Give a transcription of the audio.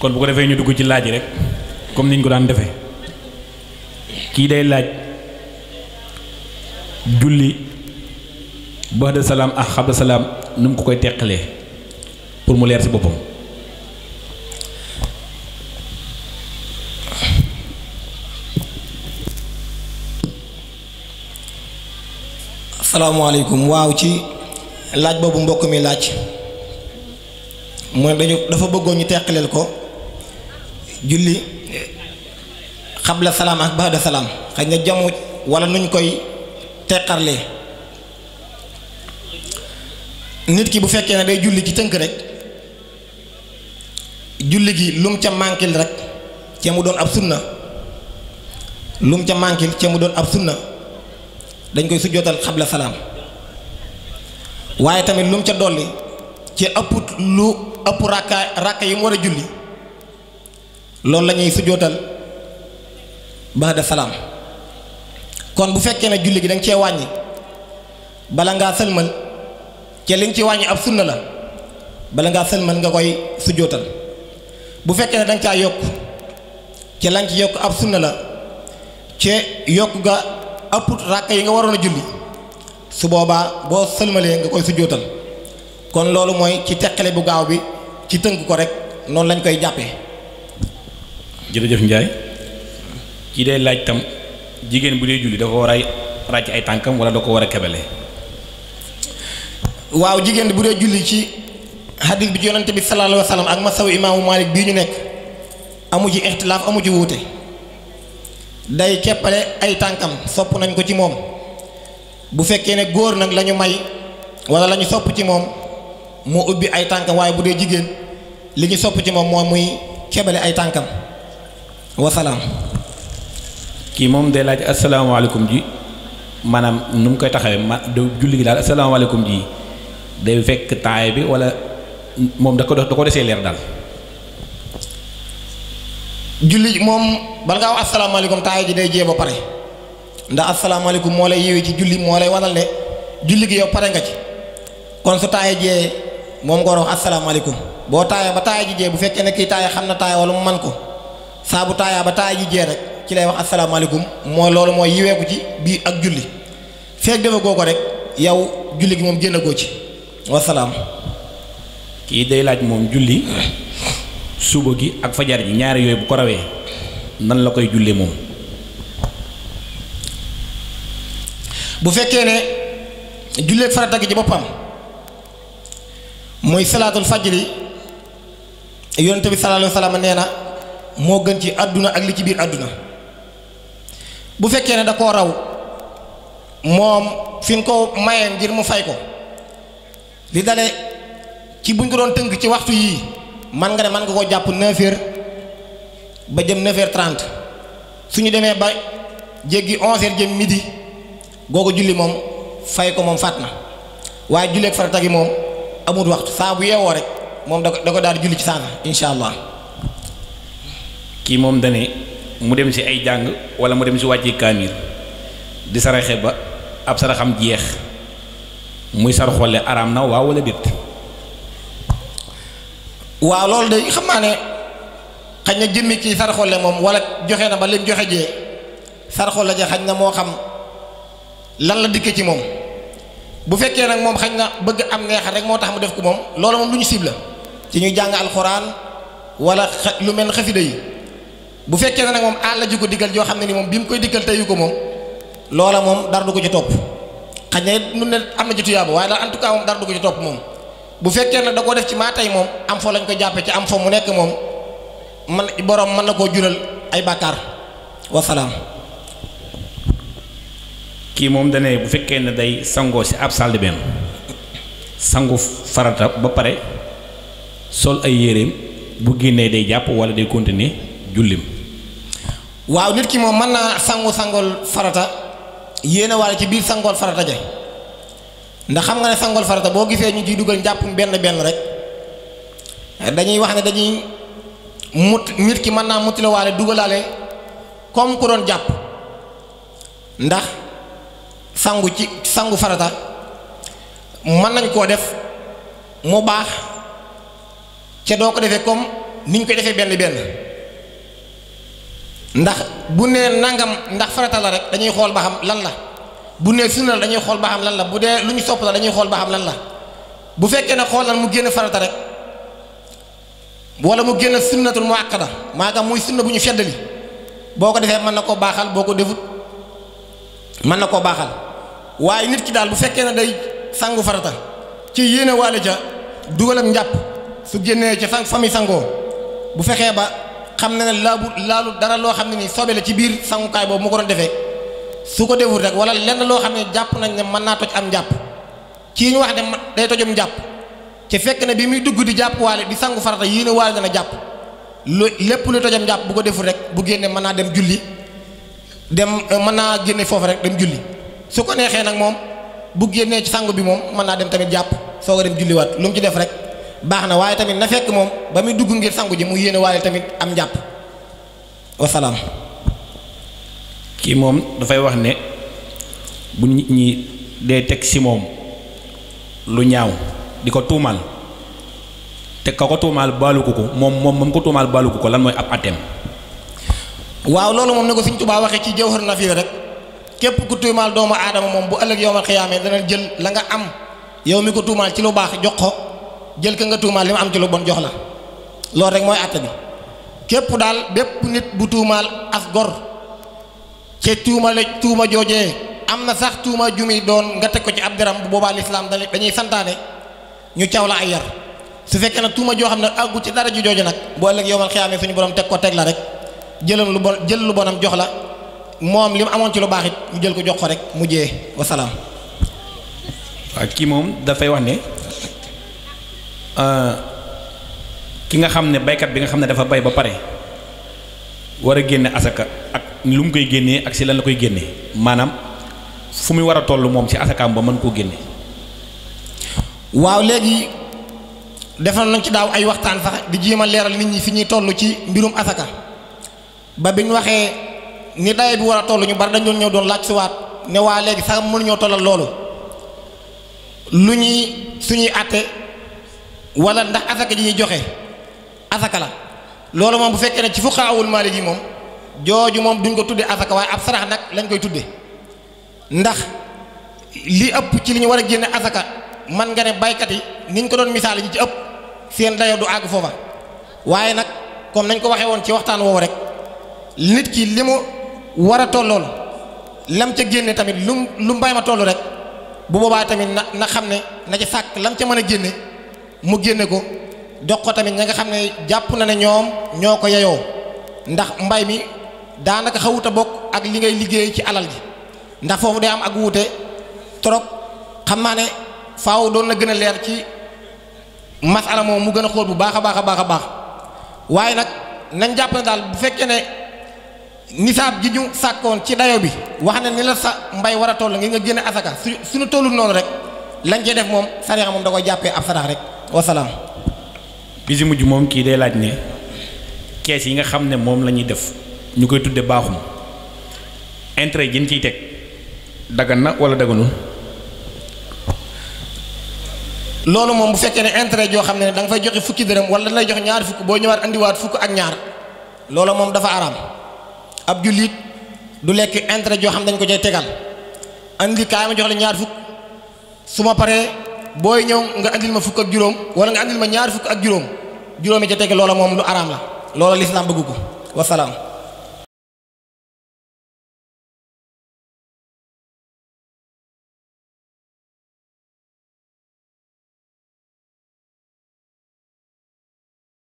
kon bu ko defee ñu dugg ci laaj yi rek comme niñ ko daan defe kii day laaj julli baxda salaam ak xabda salaam nu mu ko koy teqalee pour mu leer ci boppam salaamaaleykum waaw ci laaj boobu mbokk mi laaj mu dañu dafa bëggoon ñu teqaleel ko julli xabla salaam ak baada salaam xëy na jamu wala nuñ koy teqarlee nit ki bu fekkee ne day julli ci tënk rek julli gi lum ca mànkil rek cee mu doon ab sunna lum ca mànkil cee mu doon ab sunna dañ koy sujjootal xabla salaam waaye tamit lum ca dolli ci ëpp lu ëpp rakka rakka yi mu war a julli loolu lañuy ñuy sujootal baada salaam kon bu fekkee na julli gi danga cee wàññi bala ngaa sëlmal ca li nga ci wàññi ab sunna la bala ngaa sëlmal nga koy sujootal bu fekkee ne danga caa yokk ca lañ ci yokk ab sunna la ca yokk nga ëpp ràkk yi nga waroon a julli su boobaa boo sëlmalee nga koy sujootal kon loolu mooy ci teqale bu gaaw bi ci tënk ko rek noonu lañ koy jàppee jërëjëf Ndiaye kii day laaj tam jigéen bu dee julli dafa war a ràcc ay tànkam wala da ko war a kebele waaw jigéen bu dee julli ci hadis bi ci yonante bi sallallahu alayhi ak ma sew masawu imaamu Malik bii ñu nekk amu ci ixtilaaf amu ci wuute day keppale ay tànkam sopp nañ ko ci moom bu fekkee ne góor nag lañu may wala lañu sopp ci moom moo ubbi ay tànkam waaye bu dee jigéen li ñu sopp ci moom moo muy kebale ay tànkam wasalaam kii moom day laaj asalaamaaleykum ji maanaam nu mu koy taxawee ma julli gi daal asalaamaaleykum ji day fekk taay bi wala moom da ko da ko desee leer daal. julli moom bala ngaa wax asalaamaaleykum taay ji day jee ba pare ndax asalaamaaleykum moo lay yiwee ci julli moo lay wanal ne julli gi yow pare nga ci kon su taay jee moom nga war a wax boo taayee ba taay ji jee bu fekkee ne kii taay xam na taay wala mu man ko. saa bu ba taay ji jee rek ci lay wax asalaamaaleykum mooy loolu mooy yiweeku ci bii ak julli feeg defagoo ko rek yow julli gi moom génnagoo ci wasalaam. kii day laaj moom julli suba gi ak fajar ji ñaari yooyu bu ko rawee nan la koy jullee moom. bu fekkee ne julleeg farata ci boppam mooy salaatul fajri yonent bi sallallahu alayhi wa nee na. moo gën ci àdduna ak li ci biir àdduna bu fekkee ne da koo raw moom fi nga ko mayee ngir mu fay ko li dale ci buñ ko doon tënk ci waxtu yii man nga ne man nga koo jàpp 9h ba jëm 9h30 su ñu demee ba jéggi 11h jëm goo ko julli moom fay ko moom fàtt na waaye julleeg farata gi moom amut waxtu saabu bu yeewoo rek moom da ko da ko daal di julli ci saana incha allah. kii moom dane mu dem si ay jàng wala mu dem si wàcce kaamil di saraxe ba ab saraxam jeex muy sar araam na waaw walla déet waaw loolu de xam naa ne xañ na jëmmi kii sar moom wala joxe na ba lim joxe jee sar xolle ja xaj na moo xam lan la dikke ci moom bu fekkee nag moom xañ na bëgg am neexal rek moo tax mu def ko moom loolu moom lu ñu cible ci ñuy jàng alxuraan walla lu mel xasida yi bu fekkee ne nag moom àll ji ko diggal joo xam ne ni moom bi mu koy diggal teyu ko moom loola moom dara ko ci topp xaj na it ne am na ci tuyaaba waaye daal en tout cas moom dara du ko ci topp moom bu fekkee nag da koo def ci maa tey moom am fo lañ ko jàppe ci am fa mu nekk moom man borom mën na koo jural ay bàkkaar wasalaam kii moom dane bu fekkee ne day sangoo ci ab salle de sangu farata ba pare sol ay yéreem bu génnee day jàpp walla day continuer jullim waaw nit ki moom mën naa sangu sangool farata yéene waale ci biir sangool farata ja ndax xam nga ne sangool farata boo gisee ñu ciy dugal njàppum benn benn rek dañuy wax ne dañuy mut nit ki mën naa mutile waale dugalaale comme ku doon jàpp ndax sangu ci sangu farata mën nañ koo def mu baax ca doo ko defee comme niñ ko defee benn benn ndax bu nee nangam ndax farata la rek dañuy xool ba xam lan la bu nee sunna dañuy xool ba xam lan la bu dee lu ñu sopp la dañuy xool ba xam lan la bu fekkee ne xool lan mu génn farata rek wala mu génn sunnatul muakkada maanaam muy sunna bu ñu feddali boo ko defee mën na koo baaxal boo ko defut mën na koo baaxal waaye nit ki daal bu fekkee na day sangu farata ci yéene waale ca dugalam njàpp su génnee ca fan fa sangoo bu fexee ba. xam na ne laabu laalu dara loo xam ne ni sobe la ci biir sangukaay boobu mu ko doon defee su ko deful rek wala lenn loo xam ne jàpp nañ ne mën naa toj am jàpp kii ñu wax ne day tojum jàpp ci fekk ne bi muy dugg di jàpp waale di sangu farata yéene waale dana jàpp lu lépp lu tojom njàpp bu ko deful rek bu génnee mën naa dem julli dem euh, mën naa génne foofu rek dem julli su ko neexee nag moom bu génnee ci sangu bi moom mën naa dem tamit jàpp soo ko julliwaat lu ci def rek baax na waaye tamit na fekk moom ba muy dugg ngir sangu ji mu yéene waaye tamit am njàpp wasalaam kii moom dafay wax ne bu nit ñi dee teg ci moom lu ñaaw di ko tuumaal te ka ko tuumaal baaluku ko moom moom moom ko tuumaal baaluku ko lan mooy ab atem waaw loolu moom ne ko Sëriñ Tuubaa waxee ci Jawhar Nafiir rek képp ku tuumaal doomu aadama moom bu ëllëg yowmal xiyaamee dana jël la nga am yow mi ko tuumaal ci lu baax jox ko jël ka nga tuumaal li mu am ci lu bon jox la loolu rek mooy àtte bi képp daal bépp nit bu tuumaal as gor ci tuuma la tuuma joojee am na sax tuuma ju doon nga teg ko ci ab deram bu boobaa lislaam dañuy santaane ñu caw la ay yar su fekkee nag tuuma joo xam ne àggu ci dara ju jooju nag boo ëllëg yow man xiyaamee suñu borom teg ko teg la rek jëlam lu bon jël lu bonam jox la moom li mu amoon ci lu baaxit it jël ko jox ko rek mujjee wasalaam. waaw kii moom dafay wax ne. Euh, ki nga xam ne baykat bi nga xam ne dafa bay ba pare war a génne asaka ak lu mu koy génnee ak si lan la koy génne maanaam fu muy war a toll moom si asakaam ba mën koo génne. waaw léegi defal nañ ci daaw ay waxtaan sax di jéem a leeral nit ñi fi ñuy toll ci mbirum asaka ba bi ñu waxee ni daye bi war a toll ñu bari dañ doon ñëw doon laaj siwaat ne waa léegi sax mënuñoo tollal loolu lu ñuy suñuy àtte wala ndax asaka ji ñuy joxe asaka la loolu moom bu fekkee ne ci fuqaawul maalik yi moom jooju moom duñ ko tuddee asaka waaye ab sarax nag lañ koy tuddee ndax li ëpp ci li ñu war a génne asaka man nga ne baykat yi niñ ko doon misaal ñi ci ëpp seen dayo du àgg foofa waaye nag comme nañ ko waxee woon ci waxtaan woowu rek nit ki li mu war a tollool lam ca génne tamit lu lu mbay ma toll rek bu boobaa tamit na na xam ne na ci sàkk lam ca mën a génne mu génne ko jox ko tamit ña nga xam ne jàpp na ne ñoom ñoo ko yeyoo ndax mbay mi daanaka xawut a bokk ak li ngay liggéey ci alal ji ndax foofu day am ak wuute trop xam naa ne faaw doon na gën a leer ci masala moom mu gën a xool bu baax a baax a baax a baax waaye nag nañ jàpp ne daal bu fekkee ne nisaab ji ñu sàkkoon ci dayo bi wax ne ni la sa mbay war a toll ngir nga génne asaka su suñu tollul noonu rek lañ cee def moom sariya moom da koy jàppee ab sarax rek wasalaam. bi si mujj moom kii day laaj ne kees yi nga xam ne moom la ñuy def ñu koy tuddee baaxuma intérêt yi ñu ciy teg dagan na wala daganul. loolu moom bu fekkee ne intérêt joo xam ne da nga fay joxe fukki dërëm wala lay jox ñaari fukk boo ñëwaat andiwaat fukk ak ñaar loola moom dafa araam ab jullit du lekk intérêt joo xam dañ ko cay tegal andi kaay ma jox la ñaar fukk su ma paree booy ñëw nga andil ma fukk ak juróom wala nga andil ma ñaar fukk ak juróom juróomi ca teg loola moom lu araam la loola lislaam bëgg ko wasalaam